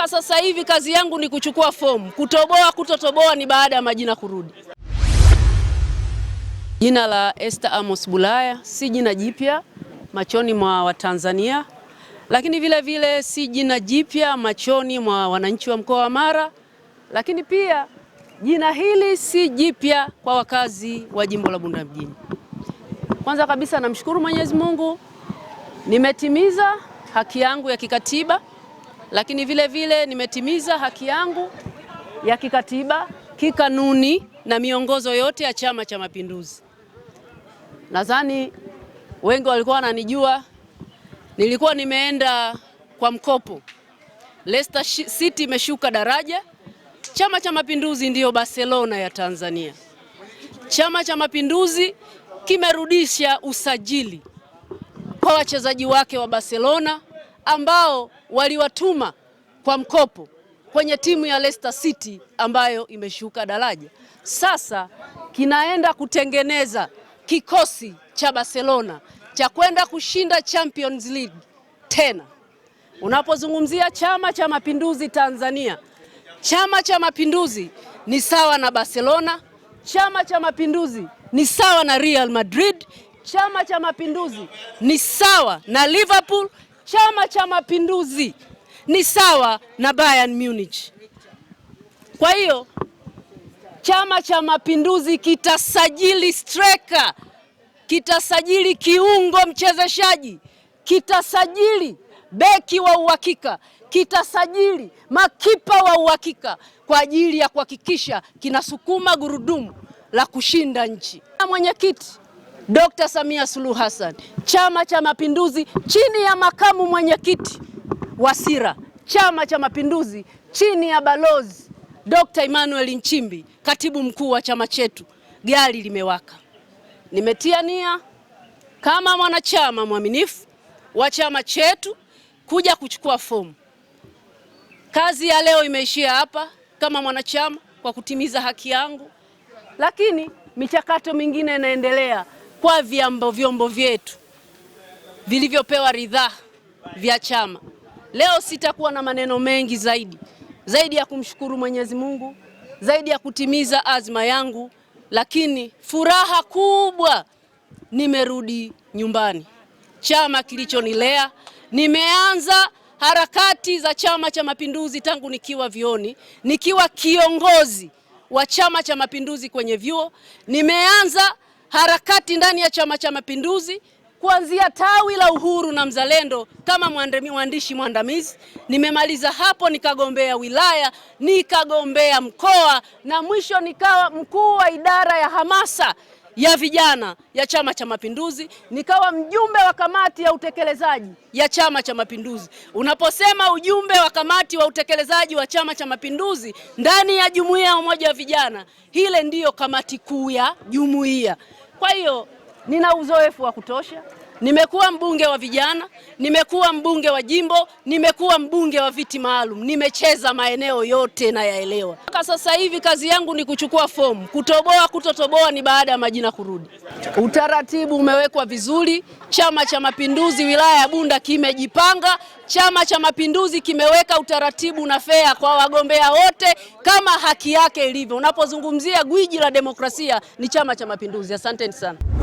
mpaka sasa hivi kazi yangu ni kuchukua fomu. Kutoboa kutotoboa ni baada ya majina kurudi. Jina la Esther Amos Bulaya si jina jipya machoni mwa Watanzania, lakini vile vile si jina jipya machoni mwa wananchi wa mkoa wa Mara, lakini pia jina hili si jipya kwa wakazi wa jimbo la Bunda mjini. Kwanza kabisa namshukuru Mwenyezi Mungu, nimetimiza haki yangu ya kikatiba lakini vile vile nimetimiza haki yangu ya kikatiba, kikanuni na miongozo yote ya Chama cha Mapinduzi. Nadhani wengi walikuwa wananijua, nilikuwa nimeenda kwa mkopo. Leicester City imeshuka daraja. Chama cha Mapinduzi ndiyo Barcelona ya Tanzania. Chama cha Mapinduzi kimerudisha usajili kwa wachezaji wake wa Barcelona ambao waliwatuma kwa mkopo kwenye timu ya Leicester City ambayo imeshuka daraja. Sasa kinaenda kutengeneza kikosi cha Barcelona cha kwenda kushinda Champions League tena. Unapozungumzia Chama cha Mapinduzi Tanzania, Chama cha Mapinduzi ni sawa na Barcelona, Chama cha Mapinduzi ni sawa na Real Madrid, Chama cha Mapinduzi ni sawa na Liverpool, Chama cha Mapinduzi ni sawa na Bayern Munich. Kwa hiyo Chama cha Mapinduzi kitasajili striker, kitasajili kiungo mchezeshaji, kitasajili beki wa uhakika, kitasajili makipa wa uhakika kwa ajili ya kuhakikisha kinasukuma gurudumu la kushinda nchi. Mwenyekiti Dr. Samia Suluhu Hassan, Chama cha Mapinduzi chini ya makamu mwenyekiti wa Sira, Chama cha Mapinduzi chini ya balozi Dr. Emmanuel Nchimbi, katibu mkuu wa chama chetu, gari limewaka. Nimetia nia kama mwanachama mwaminifu wa chama chetu kuja kuchukua fomu. Kazi ya leo imeishia hapa kama mwanachama kwa kutimiza haki yangu, lakini michakato mingine inaendelea kwa vyombo vyombo vyetu vilivyopewa ridhaa vya chama. Leo sitakuwa na maneno mengi zaidi zaidi ya kumshukuru Mwenyezi Mungu, zaidi ya kutimiza azma yangu, lakini furaha kubwa, nimerudi nyumbani, chama kilichonilea. Nimeanza harakati za Chama cha Mapinduzi tangu nikiwa vioni, nikiwa kiongozi wa Chama cha Mapinduzi kwenye vyuo nimeanza harakati ndani ya Chama cha Mapinduzi kuanzia tawi la Uhuru na Mzalendo kama mwandishi mwandamizi. Nimemaliza hapo nikagombea wilaya, nikagombea mkoa na mwisho nikawa mkuu wa idara ya hamasa ya vijana ya Chama cha Mapinduzi, nikawa mjumbe wa kamati ya utekelezaji ya Chama cha Mapinduzi. Unaposema ujumbe wa kamati wa utekelezaji wa Chama cha Mapinduzi ndani ya jumuiya ya umoja wa vijana, hile ndiyo kamati kuu ya jumuiya. Kwa hiyo nina uzoefu wa kutosha. Nimekuwa mbunge wa vijana, nimekuwa mbunge wa jimbo, nimekuwa mbunge wa viti maalum, nimecheza maeneo yote yaelewa. Mpaka sasa hivi kazi yangu ni kuchukua fomu, kutoboa kutotoboa ni baada ya majina kurudi. Utaratibu umewekwa vizuri. Chama cha Mapinduzi wilaya ya Bunda kimejipanga. Chama cha Mapinduzi kimeweka utaratibu na fea kwa wagombea wote kama haki yake ilivyo. Unapozungumzia gwiji la demokrasia ni Chama cha Mapinduzi. Asanteni sana.